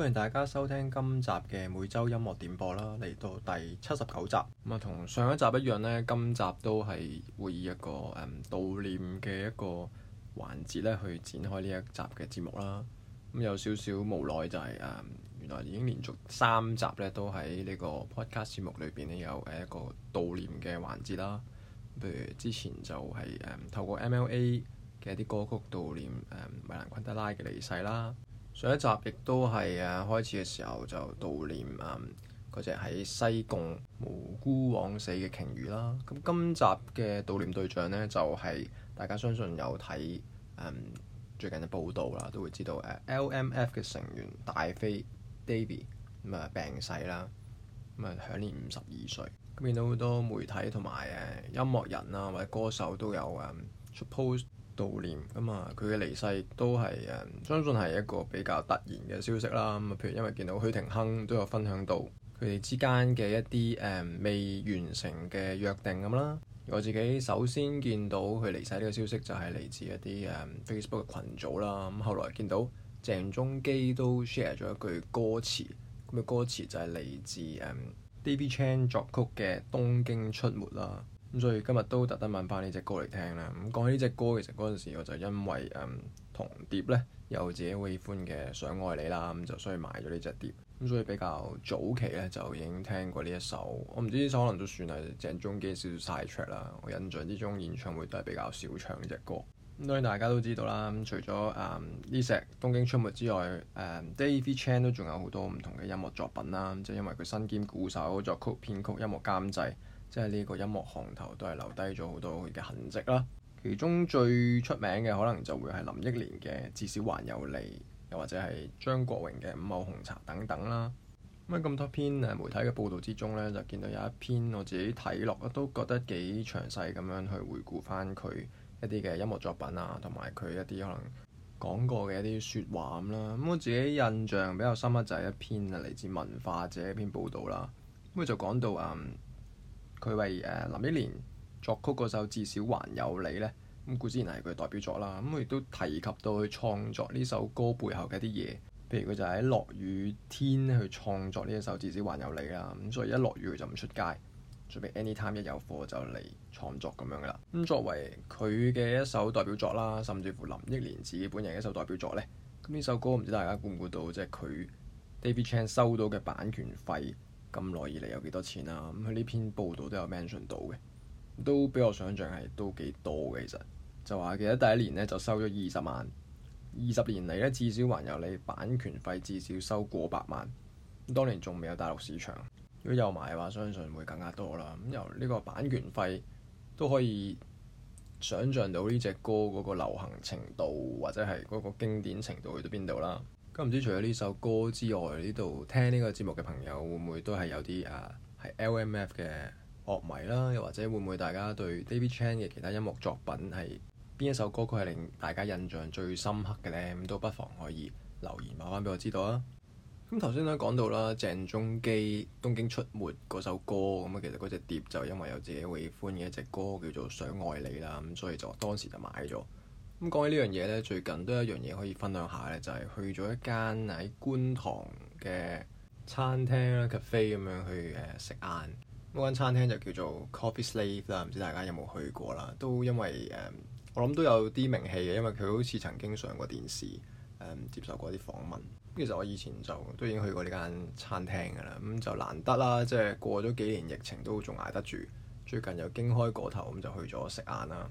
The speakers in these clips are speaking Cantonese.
歡迎大家收聽今集嘅每周音樂點播啦，嚟到第七十九集。咁啊，同上一集一樣呢，今集都係會以一個誒、嗯、悼念嘅一個環節咧，去展開呢一集嘅節目啦。咁、嗯、有少少無奈就係、是、誒、嗯，原來已經連續三集咧，都喺呢個 podcast 節目裏邊咧有誒一個悼念嘅環節啦。譬如之前就係、是、誒、嗯、透過 MLA 嘅一啲歌曲悼念誒、嗯、米蘭昆德拉嘅離世啦。上一集亦都係啊，開始嘅時候就悼念啊嗰隻喺西貢無辜枉死嘅鯨魚啦。咁今集嘅悼念對象呢，就係、是、大家相信有睇嗯最近嘅報道啦，都會知道誒、啊、LMF 嘅成員大飛 Davy 咁啊病逝啦，咁、嗯、啊享年五十二歲。咁見到好多媒體同埋誒音樂人啦，或者歌手都有誒、嗯、出 post。悼念咁啊，佢、嗯、嘅離世都係誒、嗯，相信係一個比較突然嘅消息啦。咁、嗯、啊，譬如因為見到許廷鏗都有分享到佢哋之間嘅一啲誒、嗯、未完成嘅約定咁啦、嗯。我自己首先見到佢離世呢個消息就係嚟自一啲誒、嗯、Facebook 嘅羣組啦。咁、嗯、後來見到鄭中基都 share 咗一句歌詞，咁、那、啊、個、歌詞就係嚟自誒 Davy Chan 作曲嘅《東京出沒》啦。咁所以今日都特登問翻呢隻歌嚟聽啦。咁講起呢隻歌，其實嗰陣時我就因為誒、嗯、同碟呢，有自己好喜歡嘅《想愛你》啦，咁就所以買咗呢隻碟。咁所以比較早期呢，就已經聽過呢一首。我唔知呢首可能都算係鄭中基少少 side track 啦。我印象之中演唱會都係比較少唱呢隻歌。咁、嗯、當然大家都知道啦。咁除咗誒呢隻東京出沒之外，誒、嗯、Davy Chan 都仲有好多唔同嘅音樂作品啦。就因為佢身兼鼓手、作曲、編曲、音樂監製。即係呢個音樂行頭都係留低咗好多佢嘅痕跡啦。其中最出名嘅可能就會係林憶蓮嘅《至少還有你》，又或者係張國榮嘅《午後紅茶》等等啦。咁喺咁多篇媒體嘅報導之中呢，就見到有一篇我自己睇落都覺得幾詳細咁樣去回顧返佢一啲嘅音樂作品啊，同埋佢一啲可能講過嘅一啲説話咁、啊、啦。咁我自己印象比較深刻就係、是、一篇嚟自文化者一篇報導啦。咁就講到啊～、嗯佢為誒林憶蓮作曲嗰首《至少還有你》呢，咁故之然係佢代表作啦。咁佢亦都提及到佢創作呢首歌背後嘅一啲嘢，譬如佢就喺落雨天去創作呢一首《至少還有你》啦。咁所以一落雨佢就唔出街，準備 anytime 一有課就嚟創作咁樣噶啦。咁作為佢嘅一首代表作啦，甚至乎林憶蓮自己本人一首代表作呢。咁呢首歌唔知大家估唔估到，即係佢 Davy Chan 收到嘅版權費。咁耐以嚟有幾多錢啦、啊？咁佢呢篇報道都有 mention 到嘅，都比我想象係都幾多嘅其實。就話記得第一年呢就收咗二十萬，二十年嚟呢，至少還有你版權費至少收過百萬。咁當年仲未有大陸市場，如果有埋嘅話，相信會更加多啦。咁由呢個版權費都可以想像到呢隻歌嗰個流行程度或者係嗰個經典程度去到邊度啦。咁唔、嗯、知除咗呢首歌之外，呢度聽呢個節目嘅朋友會唔會都係有啲啊係 L.M.F 嘅樂迷啦？又或者會唔會大家對 Davy Chan 嘅其他音樂作品係邊一首歌曲係令大家印象最深刻嘅呢？咁都不妨可以留言留翻俾我知道啊！咁頭先都講到啦，鄭中基《東京出沒》嗰首歌，咁其實嗰隻碟就因為有自己會喜歡嘅一隻歌叫做《想愛你》啦，咁所以就當時就買咗。咁講起呢樣嘢呢，最近都有一樣嘢可以分享下呢就係、是、去咗一間喺觀塘嘅餐廳啦、cafe 咁樣去誒食晏。嗰、呃、間餐廳就叫做 Coffee Slave 啦，唔知大家有冇去過啦？都因為誒、呃，我諗都有啲名氣嘅，因為佢好似曾經上過電視，誒、呃、接受過啲訪問。其實我以前就都已經去過呢間餐廳㗎啦，咁、嗯、就難得啦，即、就、係、是、過咗幾年疫情都仲捱得住，最近又經開嗰頭，咁、嗯、就去咗食晏啦。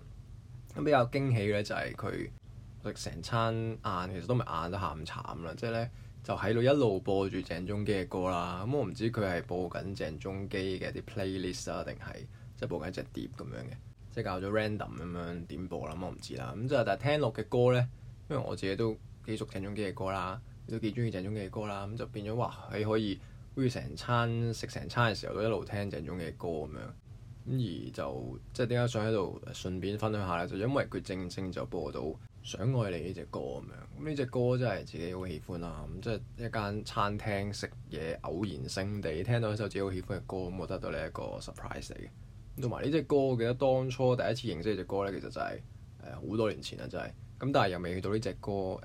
咁比較驚喜咧，就係佢食成餐晏，其實都咪晏都下午茶啦。即係咧，就喺、是、度一路播住鄭中基嘅歌啦。咁、嗯、我唔知佢係播緊鄭中基嘅啲 playlist 啊，定係即係播緊一隻碟咁樣嘅，即係搞咗 random 咁樣點播啦。我唔知啦。咁即係但係聽落嘅歌咧，因為我自己都幾熟鄭中基嘅歌啦，都幾中意鄭中基嘅歌啦。咁、嗯、就變咗哇，你可以好似成餐食成餐嘅時候都一路聽鄭中基嘅歌咁樣。咁而就即係點解想喺度順便分享下咧？就因為佢正正就播到《想愛你》呢隻歌咁樣，咁呢隻歌真係自己好喜歡啦。咁即係一間餐廳食嘢，偶然性地聽到一首自己好喜歡嘅歌，咁我得到呢一個 surprise 嚟嘅。同埋呢隻歌，我記得當初第一次認識呢隻歌咧，其實就係誒好多年前啦，就係咁，但係又未去到呢隻歌誒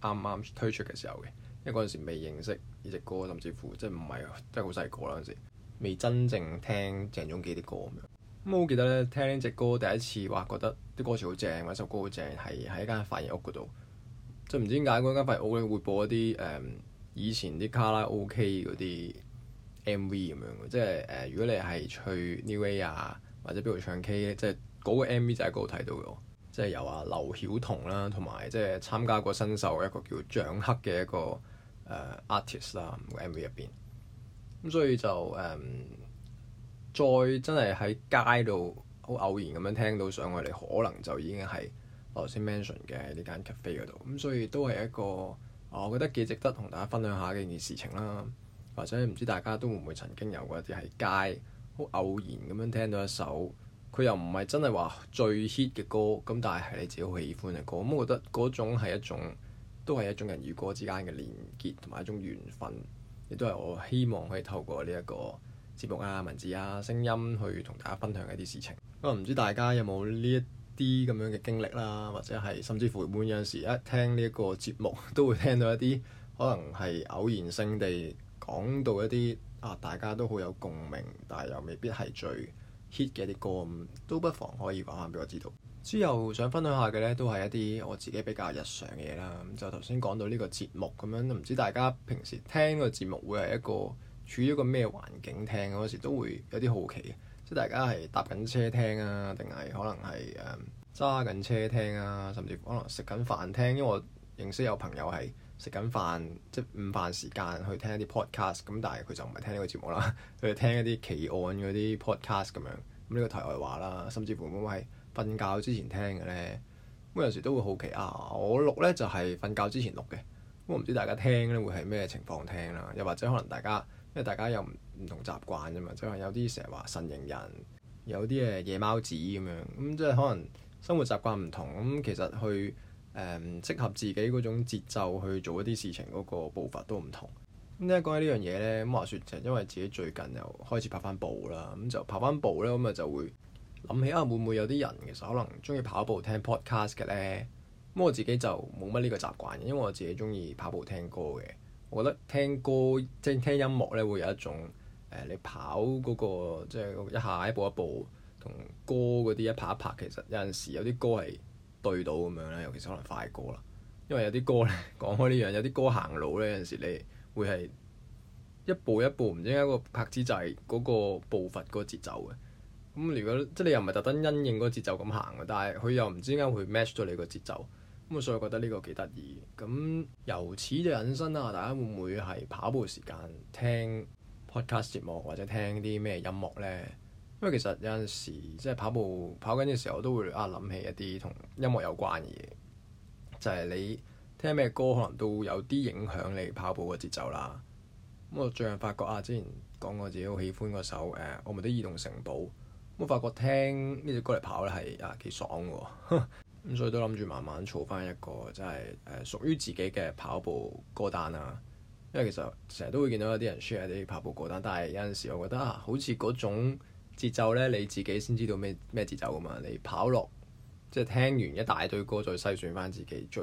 啱啱推出嘅時候嘅，因為嗰陣時未認識呢隻歌，甚至乎即係唔係即係好細個啦嗰陣時。未真正聽鄭中基啲歌咁樣，咁我記得咧聽呢隻歌第一次話覺得啲歌詞好正，或者首歌好正，係喺一間髮型屋嗰度。即係唔知點解嗰間髮型屋咧會播一啲誒、嗯、以前啲卡拉 OK 嗰啲 MV 咁樣嘅，即係誒、呃、如果你係去 Neway 啊或者邊度唱 K 即係嗰個 MV 就喺嗰度睇到嘅。即係有啊劉曉彤啦，同埋即係參加過新秀一個叫掌黑嘅一個誒、呃、artist 啦，MV 入邊。咁所以就誒，um, 再真係喺街度好偶然咁樣聽到上，我哋可能就已經係頭先 mention 嘅呢間 cafe 度。咁所以都係一個我覺得幾值得同大家分享下嘅一件事情啦。或者唔知大家都會唔會曾經有過一啲喺街好偶然咁樣聽到一首，佢又唔係真係話最 hit 嘅歌，咁但係係你自己好喜歡嘅歌。咁我覺得嗰種係一種都係一種人與歌之間嘅連結同埋一種緣分。亦都係我希望可以透過呢一個節目啊、文字啊、聲音去同大家分享一啲事情。不過唔知大家有冇呢一啲咁樣嘅經歷啦，或者係甚至乎每有陣時一聽呢一個節目都會聽到一啲可能係偶然性地講到一啲啊，大家都好有共鳴，但係又未必係最 hit 嘅一啲歌，都不妨可以講下俾我知道。之後想分享下嘅呢，都係一啲我自己比較日常嘅嘢啦。就頭先講到呢個節目咁樣，唔知大家平時聽個節目會係一個處於一個咩環境聽嗰時，都會有啲好奇。即係大家係搭緊車聽啊，定係可能係揸緊車聽啊，甚至乎可能食緊飯聽。因為我認識有朋友係食緊飯即係、就是、午飯時間去聽一啲 podcast，咁但係佢就唔係聽呢個節目啦，佢 係聽一啲奇案嗰啲 podcast 咁樣。咁呢個題外話啦，甚至乎咁係。瞓覺之前聽嘅咧，咁有時都會好奇啊！我錄咧就係瞓覺之前錄嘅，咁唔知大家聽咧會係咩情況聽啦？又或者可能大家，因為大家又唔唔同習慣啫嘛，即係有啲成日話晨型人，有啲誒夜貓子咁樣，咁即係可能生活習慣唔同，咁其實去誒適合自己嗰種節奏去做一啲事情嗰個步伐都唔同。咁一講起呢樣嘢咧，咁話說就因為自己最近又開始跑翻步啦，咁就跑翻步咧，咁啊就，就會。諗起啊，會唔會有啲人其實可能鍾意跑步聽 podcast 嘅咧？咁我自己就冇乜呢個習慣，因為我自己鍾意跑步聽歌嘅。我覺得聽歌即係聽，聽音樂咧，會有一種誒、呃、你跑嗰、嗰個即係一下一步一步同歌嗰啲一拍一拍，其實有陣時有啲歌係對到咁樣咧，尤其是可能快歌啦。因為有啲歌咧，講開呢樣，有啲歌行路咧，有陣時你會係一步一步唔知解個拍子就係、係、嗰個步伐嗰個節奏嘅。咁如果即係你又唔係特登因應嗰個節奏咁行嘅，但係佢又唔知點解會 match 咗你個節奏咁啊，所以我覺得呢個幾得意。咁由此就引申啦，大家會唔會係跑步時間聽 podcast 節目或者聽啲咩音樂呢？因為其實有陣時即係跑步跑緊嘅時候，時候都會啊諗起一啲同音樂有關嘅嘢，就係、是、你聽咩歌可能都有啲影響你跑步嘅節奏啦。咁我最近發覺啊，之前講我自己好喜歡嗰首誒、啊《我們的移動城堡》。我發覺聽呢隻歌嚟跑咧係啊幾爽嘅，咁所以都諗住慢慢儲翻一個即係誒屬於自己嘅跑步歌單啊！因為其實成日都會見到有啲人 share 啲跑步歌單，但係有陣時我覺得啊，好似嗰種節奏咧，你自己先知道咩咩節奏㗎嘛！你跑落即係聽完一大堆歌再篩選翻自己最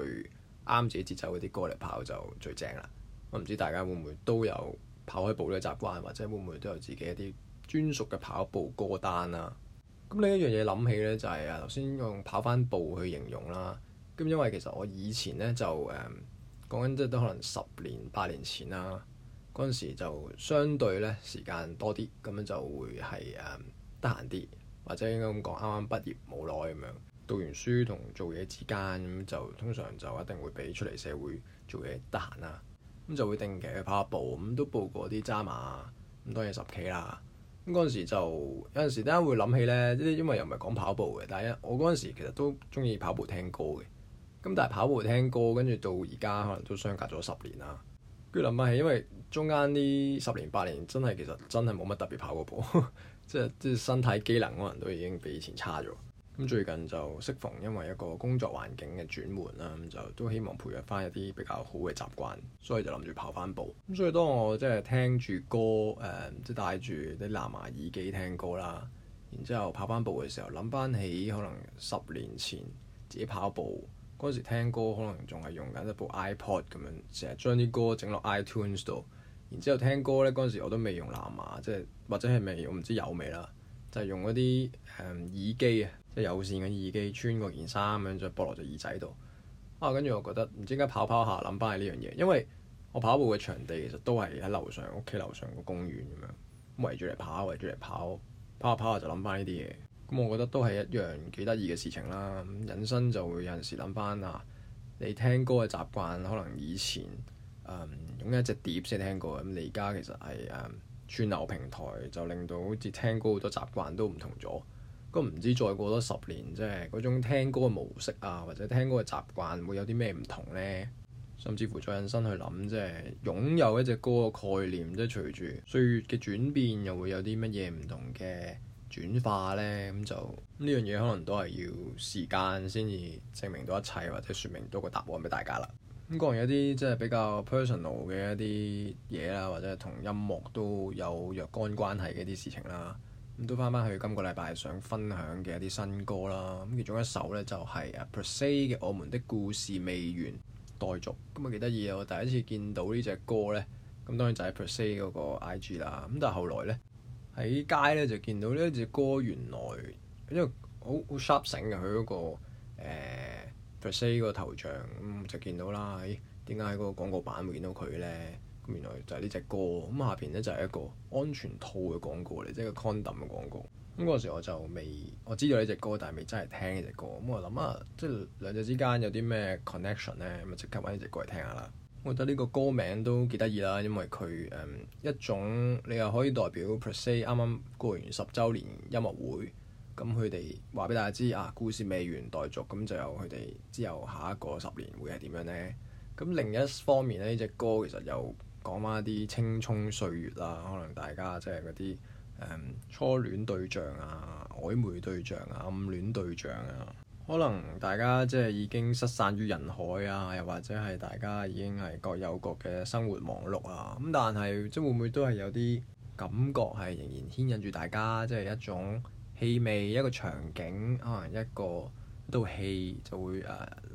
啱自己節奏嗰啲歌嚟跑就最正啦！我唔知大家會唔會都有跑開步呢個習慣，或者會唔會都有自己一啲專屬嘅跑步歌單啦。咁另一樣嘢諗起咧，就係啊頭先用跑翻步去形容啦。咁因為其實我以前咧就誒、嗯、講緊，即係都可能十年八年前啦。嗰陣時就相對咧時間多啲，咁樣就會係誒、嗯、得閒啲，或者應該咁講，啱啱畢業冇耐咁樣讀完書同做嘢之間咁就通常就一定會俾出嚟社會做嘢得閒啦。咁就會定期去跑下步，咁都報過啲渣馬咁當然十 K 啦。咁嗰陣時就有陣時，啱啱會諗起咧，即係因為又唔係講跑步嘅，但一，我嗰陣時其實都中意跑步聽歌嘅。咁但係跑步聽歌，跟住到而家可能都相隔咗十年啦。跟住諗翻起，因為中間呢十年八年真係其實真係冇乜特別跑過步，即係即係身體機能可能都已經比以前差咗。咁最近就適逢因為一個工作環境嘅轉換啦，咁就都希望培養翻一啲比較好嘅習慣，所以就諗住跑翻步。咁所以當我即係聽住歌，誒即係戴住啲藍牙耳機聽歌啦，然之後跑翻步嘅時候，諗翻起可能十年前自己跑步嗰陣時聽歌，可能仲係用緊一部 iPod 咁樣，成日將啲歌整落 iTunes 度，然之後聽歌呢，嗰陣時我都未用藍牙，即係或者係未我唔知有未啦，就係用一啲誒耳機啊。有線嘅耳機穿過件衫咁，就駁落隻耳仔度。啊，跟住我覺得唔知點解跑跑下諗翻起呢樣嘢，因為我跑步嘅場地其實都係喺樓上，屋企樓上個公園咁樣圍住嚟跑，圍住嚟跑，跑下跑下就諗翻呢啲嘢。咁、嗯、我覺得都係一樣幾得意嘅事情啦。引申就會有陣時諗翻啊，你聽歌嘅習慣，可能以前誒、嗯、用一隻碟先聽過，咁你而家其實係誒、嗯、串流平台，就令到好似聽歌好多習慣都唔同咗。都唔知再過多十年，即係嗰種聽歌嘅模式啊，或者聽歌嘅習慣會有啲咩唔同呢？甚至乎再引申去諗，即係擁有一隻歌嘅概念，都隨住歲月嘅轉變，又會有啲乜嘢唔同嘅轉化呢？咁就呢樣嘢可能都係要時間先至證明到一切，或者說明到個答案俾大家啦。咁講完有啲即係比較 personal 嘅一啲嘢啦，或者同音樂都有若干關係嘅一啲事情啦。咁都翻翻去今個禮拜想分享嘅一啲新歌啦，咁其中一首呢，就係啊 per se 的《我們的故事未完待續》，嗯，咁啊幾得意啊！我第一次見到呢隻歌呢，咁、嗯、當然就係 per se 嗰個 IG 啦，咁、嗯、但係後來呢，喺街呢就見到呢隻歌，原來因為好好 sharp 醒嘅佢嗰個 per se 個頭像，咁、嗯、就見到啦，咦、哎？點解喺嗰個廣告版會見到佢呢？原來就係呢隻歌，咁下邊呢就係、是、一個安全套嘅廣告嚟，即係個 condom 嘅廣告。咁嗰陣時我就未我知道呢隻歌，但係未真係聽呢隻歌。咁我諗下、啊，即、就、係、是、兩者之間有啲咩 connection 呢？咁啊，即刻揾呢隻歌嚟聽下啦。我覺得呢個歌名都幾得意啦，因為佢誒、嗯、一種你又可以代表 per se 啱啱過完十週年音樂會，咁佢哋話俾大家知啊，故事未完待續，咁就由佢哋之後下一個十年會係點樣呢？咁另一方面呢，呢隻歌其實又～講翻啲青葱歲月啊，可能大家即係嗰啲誒初戀對象啊、曖昧對象啊、暗戀對象啊，可能大家即係已經失散於人海啊，又或者係大家已經係各有各嘅生活忙碌啊。咁但係即係會唔會都係有啲感覺係仍然牽引住大家啊，即係一種氣味、一個場景，可能一個一道氣就會誒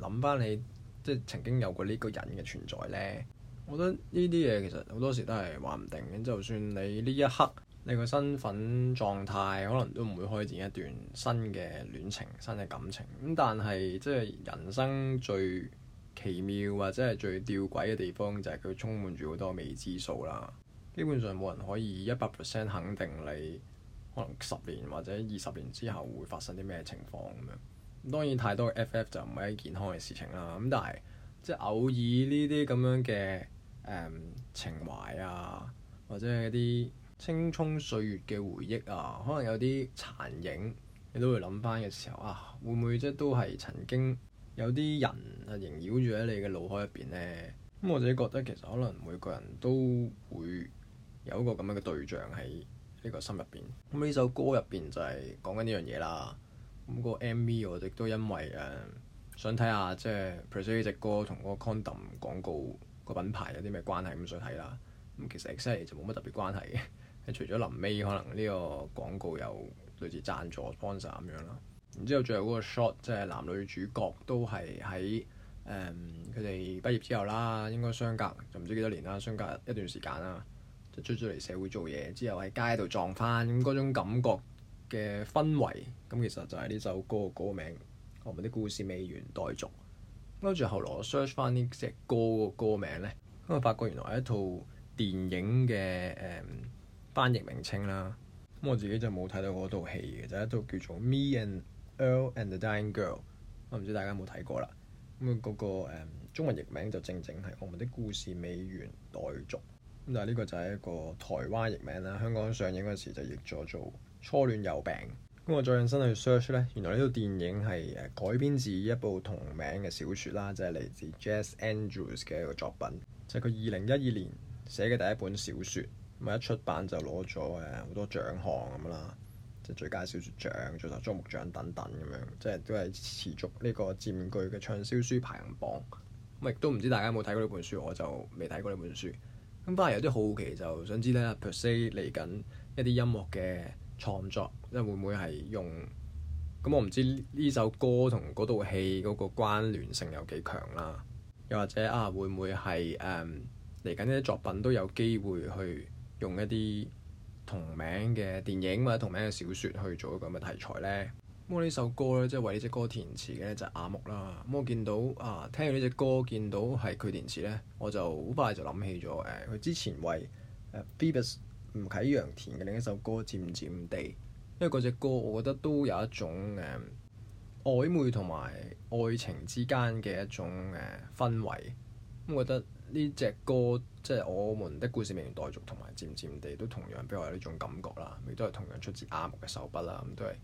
諗翻你即係曾經有過呢個人嘅存在呢。我覺得呢啲嘢其實好多時都係話唔定嘅，就算你呢一刻你個身份狀態可能都唔會開展一段新嘅戀情、新嘅感情，咁但係即係人生最奇妙或者係最吊詭嘅地方就係佢充滿住好多未知數啦。基本上冇人可以一百 percent 肯定你可能十年或者二十年之後會發生啲咩情況咁樣。當然太多嘅 FF 就唔係一件健康嘅事情啦。咁但係即係偶爾呢啲咁樣嘅。Um, 情懷啊，或者係啲青蔥歲月嘅回憶啊，可能有啲殘影，你都會諗翻嘅時候啊，會唔會即都係曾經有啲人啊，縈繞住喺你嘅腦海入邊呢？咁我自己覺得其實可能每個人都會有一個咁樣嘅對象喺呢個心入邊。咁呢首歌入邊就係講緊呢樣嘢啦。咁、那個 M V 我亦都因為誒、嗯、想睇下即係 per se 呢隻歌同嗰個 condom 廣告。個品牌有啲咩關係，咁想睇啦。咁其實 exactly 就冇乜特別關係嘅， 除咗臨尾可能呢個廣告有類似贊助 sponsor 咁樣咯。然之後最後嗰個 shot 即係男女主角都係喺佢哋畢業之後啦，應該相隔就唔知幾多年啦，相隔一段時間啦，就出咗嚟社會做嘢之後喺街度撞翻，咁嗰種感覺嘅氛圍，咁其實就係呢首歌嘅、嗰個、名，我們啲故事未完待續。跟住後來我 search 翻呢隻歌個歌名呢，咁啊，發覺原來係一套電影嘅誒、嗯、翻譯名稱啦。咁、嗯、我自己就冇睇到嗰套戲嘅，就一套叫做《Me and Earl and the Dying Girl、嗯》，我唔知大家有冇睇過啦。咁啊，嗰個、嗯、中文譯名就正正係《我們的故事未完待續》嗯。咁但呢個就係一個台灣譯名啦。香港上映嗰時就譯咗做《初戀有病》。咁我再引申去 search 咧，原來呢套電影係誒改編自一部同名嘅小説啦，就係嚟自 Jazz Andrews 嘅一個作品，就係佢二零一二年寫嘅第一本小説。咁啊，一出版就攞咗誒好多獎項咁啦，即係最佳小説獎、最受矚目獎等等咁樣，即係都係持續呢個佔據嘅暢銷書排行榜。咁亦都唔知大家有冇睇過呢本書，我就未睇過呢本書。咁反而有啲好奇，就想知咧 per se 嚟緊一啲音樂嘅創作。即係會唔會係用咁、嗯？我唔知呢首歌同嗰套戲嗰個關聯性有幾強啦。又或者啊，會唔會係誒嚟緊？呢、um, 啲作品都有機會去用一啲同名嘅電影或者同名嘅小説去做一個咁嘅題材呢？咁我呢首歌咧，即係為呢隻歌填詞嘅就係阿木啦。咁我見到啊，聽完呢隻歌，見到係佢填詞咧，我就好快就諗起咗誒佢之前為誒 Phoebus 吳啟揚填嘅另一首歌，漸漸地。因為嗰隻歌，我覺得都有一種誒、嗯、曖昧同埋愛情之間嘅一種誒、嗯、氛圍。咁我覺得呢隻歌，即、就、係、是、我們的故事未完待續同埋漸漸地都同樣畀我有呢種感覺啦，亦都係同樣出自阿木嘅手筆啦。咁都係，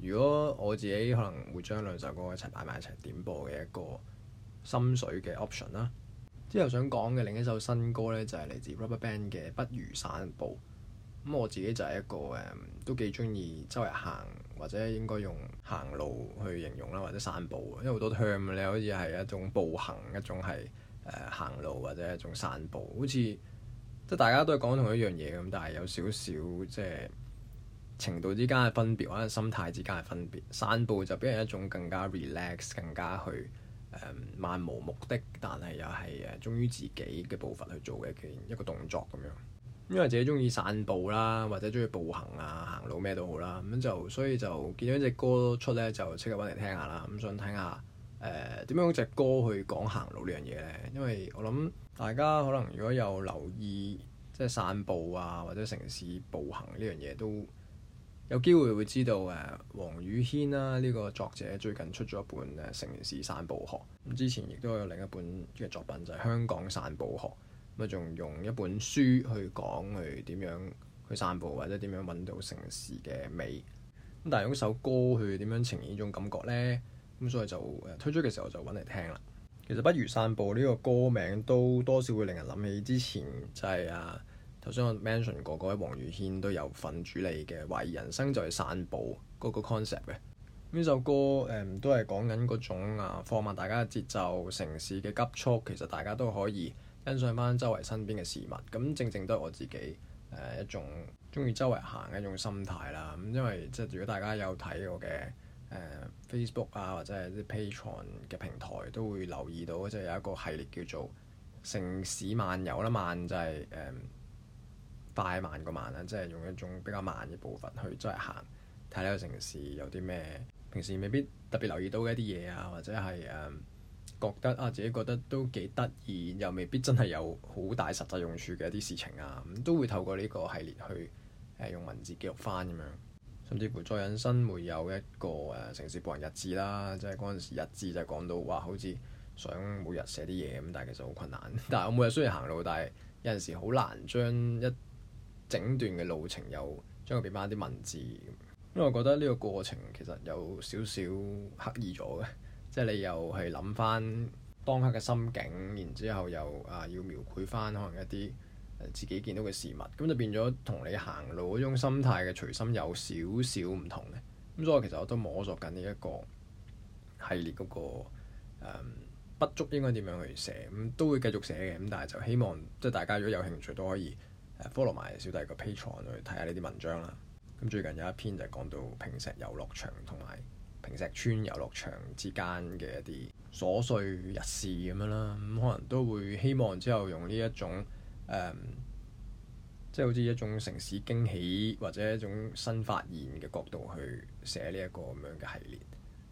如果我自己可能會將兩首歌一齊擺埋一齊點播嘅一個心水嘅 option 啦。之後想講嘅另一首新歌呢，就係、是、嚟自 RubberBand 嘅《不如散步》。咁、嗯、我自己就係一個誒、嗯，都幾中意周圍行或者應該用行路去形容啦，或者散步，因為好多 term 咧，好似係一種步行，一種係誒、呃、行路或者一種散步，好似即係大家都係講同一樣嘢咁，但係有少少即係程度之間嘅分別或者心態之間嘅分別。散步就變係一種更加 relax、更加去誒漫、呃、無目的，但係又係誒忠於自己嘅步伐去做嘅一件一個動作咁樣。因為自己中意散步啦，或者中意步行啊、行路咩都好啦，咁就所以就見到隻歌出咧，就即刻揾嚟聽下啦。咁想睇下誒點樣用隻歌去講行路呢樣嘢咧。因為我諗大家可能如果有留意即係散步啊，或者城市步行呢樣嘢，都有機會會知道誒黃宇軒啦，呢個作者最近出咗一本誒《城市散步學》，咁之前亦都有另一本嘅作品就係《香港散步學》。咪仲用一本書去講去點樣去散步，或者點樣揾到城市嘅美。咁但係用首歌去點樣呈現呢種感覺呢？咁所以就推出嘅時候就揾嚟聽啦。其實《不如散步》呢、這個歌名都多少會令人諗起之前就係啊頭先我 mention 過嗰位黃宇軒都有份主理嘅《懷疑人生》，就係散步嗰、那個 concept 嘅呢首歌誒、嗯，都係講緊嗰種啊放慢大家嘅節奏，城市嘅急速，其實大家都可以。欣賞翻周圍身邊嘅事物，咁正正都係我自己誒、呃、一種中意周圍行嘅一種心態啦。咁因為即係如果大家有睇我嘅誒、呃、Facebook 啊，或者係啲 Patreon 嘅平台，都會留意到即係有一個系列叫做城市漫遊」啦，慢就係、是、誒、呃、快慢過慢啦，即係用一種比較慢嘅部分去周圍行，睇呢個城市有啲咩平時未必特別留意到嘅一啲嘢啊，或者係誒。呃覺得啊，自己覺得都幾得意，又未必真係有好大實際用處嘅一啲事情啊，咁都會透過呢個系列去誒、呃、用文字記錄翻咁樣。甚至乎再引申會有一個誒、呃、城市步行日誌啦，即係嗰陣時日誌就係講到話好似想每日寫啲嘢咁，但係其實好困難。但係我每日雖然行路，但係有陣時好難將一整段嘅路程又將佢變翻一啲文字。因為我覺得呢個過程其實有少少刻意咗嘅。即係你又係諗翻當刻嘅心境，然之後又啊要描繪翻可能一啲自己見到嘅事物，咁就變咗同你行路嗰種心態嘅隨心有少少唔同咧。咁所以其實我都摸索緊呢一個系列嗰、嗰個筆觸、嗯、應該點樣去寫，咁都會繼續寫嘅。咁但係就希望即係大家如果有興趣都可以誒 follow 埋小弟個 Patreon 去睇下呢啲文章啦。咁最近有一篇就講到平石遊樂場同埋。坪石村遊樂場之間嘅一啲瑣碎日事咁樣啦，咁、嗯、可能都會希望之後用呢一種即係、嗯就是、好似一種城市驚喜或者一種新發現嘅角度去寫呢一個咁樣嘅系列。呢、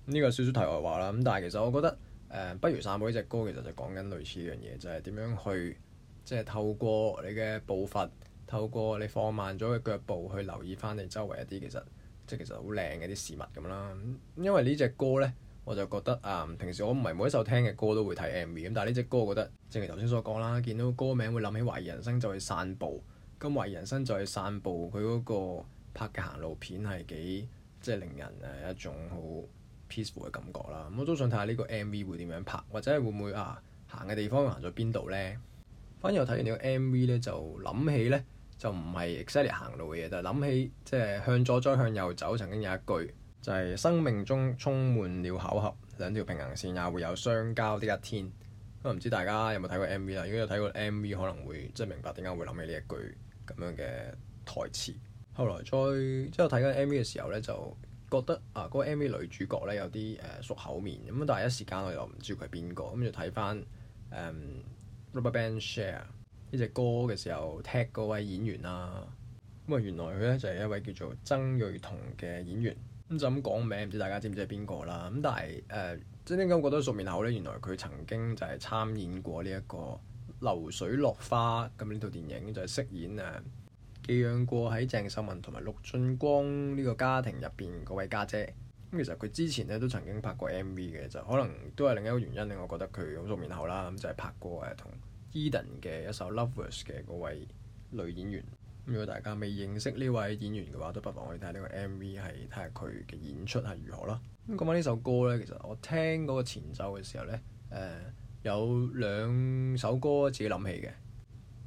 嗯這個少少題外話啦。咁、嗯、但係其實我覺得誒、嗯，不如散步呢隻歌其實就講緊類似一樣嘢，就係、是、點樣去即係、就是、透過你嘅步伐，透過你放慢咗嘅腳步去留意返你周圍一啲其實。即其實好靚嘅啲事物咁啦，因為呢隻歌呢，我就覺得啊、嗯，平時我唔係每一首聽嘅歌都會睇 M V 咁，但係呢隻歌我覺得，正如頭先所講啦，見到歌名會諗起懷疑人生就去散步，咁懷疑人生就去散步，佢嗰個拍嘅行路片係幾即係令人係一種好 peaceful 嘅感覺啦、嗯。我都想睇下呢個 M V 會點樣拍，或者係會唔會啊行嘅地方行咗邊度呢？反而我睇完呢個 M V 呢，就諗起呢。就唔係 exactly 行路嘅嘢，但係諗起即係、就是、向左再向右走。曾經有一句就係、是、生命中充滿了巧合，兩條平行線也會有相交的一天。咁啊唔知大家有冇睇過 MV 啦？如果有睇過 MV，可能會即係明白點解會諗起呢一句咁樣嘅台詞。後來再即係睇緊 MV 嘅時候呢，就覺得啊嗰、那個 MV 女主角呢有啲誒、呃、熟口面咁，但係一時間我又唔知佢邊個，咁就睇翻、嗯、RubberBand Share。呢隻歌嘅時候踢嗰位演員啦、啊。咁啊原來佢呢，就係一位叫做曾瑞彤嘅演員，咁、嗯、就咁講名，唔知大家知唔知係邊個啦？咁、嗯、但係誒，即係點解我覺得熟面口呢，原來佢曾經就係參演過呢、這、一個《流水落花》咁呢套電影就飾，就係飾演啊寄養過喺鄭秀文同埋陸俊光呢個家庭入邊嗰位家姐，姐。咁、嗯、其實佢之前呢，都曾經拍過 M V 嘅，就可能都係另一個原因令我覺得佢好熟面口啦。咁就係、是、拍過誒同。啊 Eden 嘅一首《Lovers》嘅嗰位女演員，如果大家未認識呢位演員嘅話，都不妨可以睇下呢個 MV，係睇下佢嘅演出係如何啦。咁講翻呢首歌呢，其實我聽嗰個前奏嘅時候呢，呃，有兩首歌自己諗起嘅。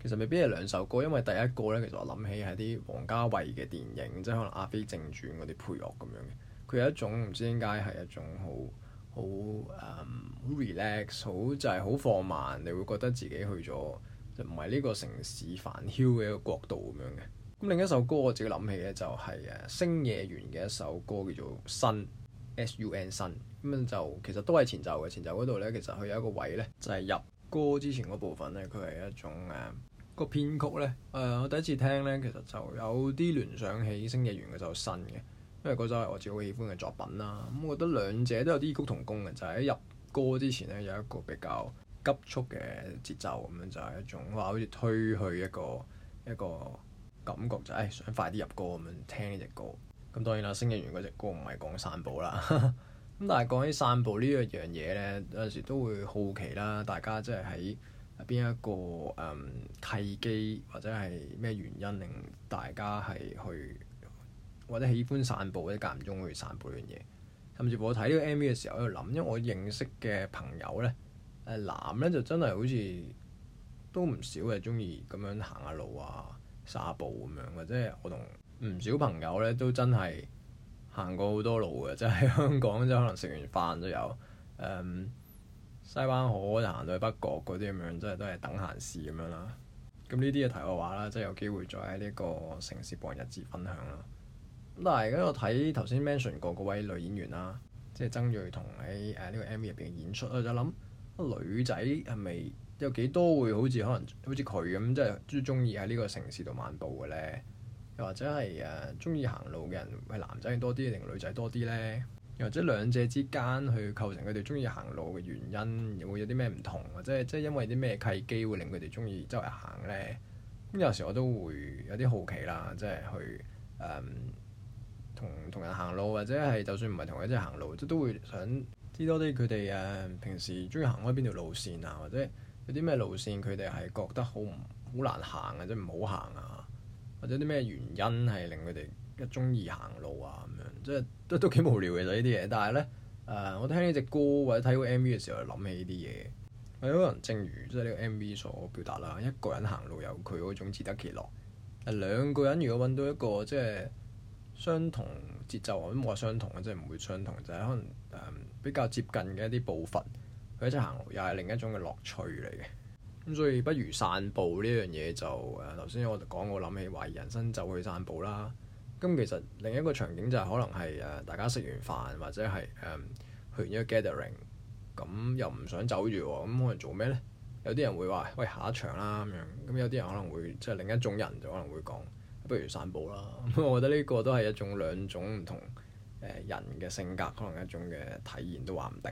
其實未必係兩首歌，因為第一個呢，其實我諗起係啲王家衞嘅電影，即係可能《阿飛正傳》嗰啲配樂咁樣嘅。佢有一種唔知點解係一種好好誒、um，relax 好就係、是、好放慢，你會覺得自己去咗就唔係呢個城市繁囂嘅一個國度咁樣嘅。咁另一首歌我自己諗起咧就係誒星野源嘅一首歌叫做 SUN S-U-N sun。咁就其實都係前奏嘅，前奏嗰度咧其實佢有一個位咧就係、是、入歌之前嗰部分咧，佢係一種誒、啊那個編曲咧。誒、啊、我第一次聽咧，其實就有啲聯想起星野源嘅首《SUN》嘅。因為嗰首係我自己好喜歡嘅作品啦，咁我覺得兩者都有啲異曲同工嘅，就係、是、喺入歌之前咧有一個比較急速嘅節奏咁樣，就係一種哇，好似推去一個一個感覺就誒、是、想快啲入歌咁樣聽呢隻歌。咁當然啦，星爺完嗰隻歌唔係講散步啦，咁 但係講起散步呢一樣嘢咧，有陣時都會好奇啦，大家即係喺邊一個誒、嗯、契機或者係咩原因令大家係去？或者喜歡散步，或者間唔中去散步，樣嘢。甚至我睇呢個 MV 嘅時候喺度諗，因為我認識嘅朋友呢，誒男呢就真係好似都唔少係中意咁樣行下路啊、散步咁樣。或者我同唔少朋友呢，都真係行過好多路嘅，即係香港即係可能食完飯都有誒、嗯、西灣河行到去北角嗰啲咁樣，真係都係等閒事咁樣啦。咁呢啲嘢提我話啦，即係有機會再喺呢個城市半日誌分享啦。咁但係我睇頭先 mention 過嗰位女演員啦，即係曾瑞彤喺誒呢個 MV 入邊嘅演出，我就諗女仔係咪有幾多會好似可能好似佢咁，即係最中意喺呢個城市度漫步嘅咧？又或者係誒中意行路嘅人係男仔多啲定女仔多啲咧？又或者兩者之間去構成佢哋中意行路嘅原因，會有啲咩唔同？或者即係因為啲咩契機會令佢哋中意周圍行咧？咁有時我都會有啲好奇啦，即係去誒。嗯同同人行路或者係就算唔係同佢即行路，即都會想知多啲佢哋誒平時中意行開邊條路線啊，或者有啲咩路線佢哋係覺得好唔好難行啊，即唔好行啊，或者啲咩原因係令佢哋一中意行路啊咁樣，即係都都幾無聊嘅就呢啲嘢。但係咧誒，我聽呢隻歌或者睇個 MV 嘅時候，就諗起呢啲嘢。可能正如即係呢個 MV 所表達啦，一個人行路有佢嗰種自得其樂。兩個人如果揾到一個即係，相同節奏我都冇話相同嘅，即係唔會相同，就係、是、可能誒、呃、比較接近嘅一啲步伐。佢一隻行路又係另一種嘅樂趣嚟嘅。咁所以不如散步呢樣嘢就誒，頭、呃、先我講我諗起懷疑人生就去散步啦。咁其實另一個場景就係可能係誒大家食完飯或者係誒、呃、去完一個 gathering，咁又唔想走住，咁可能做咩咧？有啲人會話喂下一場啦咁樣，咁有啲人可能會即係另一種人就可能會講。不如散步啦， 我覺得呢個都係一種兩種唔同、呃、人嘅性格，可能一種嘅體驗都話唔定。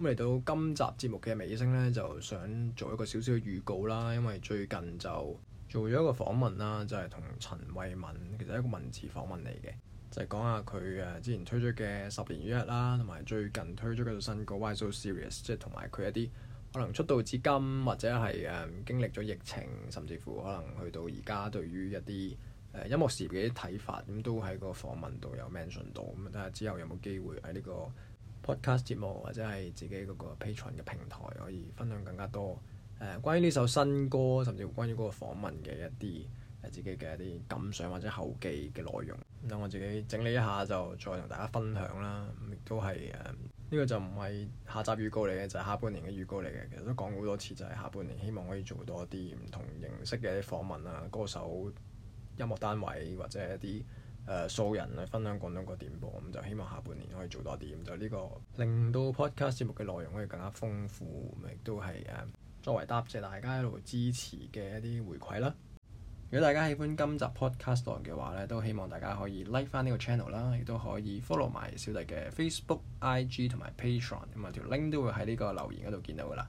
咁嚟到今集節目嘅尾聲呢，就想做一個少少嘅預告啦，因為最近就做咗一個訪問啦，就係、是、同陳慧敏，其實一個文字訪問嚟嘅，就係、是、講下佢誒之前推出嘅十年於一啦，同埋最近推出嘅新歌《Why So Serious》，即係同埋佢一啲可能出道至今或者係誒、嗯、經歷咗疫情，甚至乎可能去到而家對於一啲。誒，音樂事業嘅啲睇法，咁都喺個訪問度有 mention 到。咁睇下之後有冇機會喺呢個 podcast 節目，或者係自己嗰個 Patreon 嘅平台，可以分享更加多誒、呃。關於呢首新歌，甚至乎關於嗰個訪問嘅一啲誒、呃、自己嘅一啲感想或者後記嘅內容，等我自己整理一下就再同大家分享啦。亦都係誒呢個就唔係下集預告嚟嘅，就係、是、下半年嘅預告嚟嘅。其實都講好多次，就係下半年希望可以做多啲唔同形式嘅訪問啊，歌手。音樂單位或者一啲誒素人去分享廣東歌點播，咁、嗯、就希望下半年可以做多啲，咁、嗯、就呢、這個令到 podcast 節目嘅內容可以更加豐富，亦、嗯、都係誒、嗯、作為答謝大家一路支持嘅一啲回饋啦。如果大家喜歡今集 podcast 嘅話咧，都希望大家可以 like 翻呢個 channel 啦，亦都可以 follow 埋小弟嘅 Facebook、嗯、IG 同埋 Patreon，咁啊條 link 都會喺呢個留言嗰度見到㗎啦。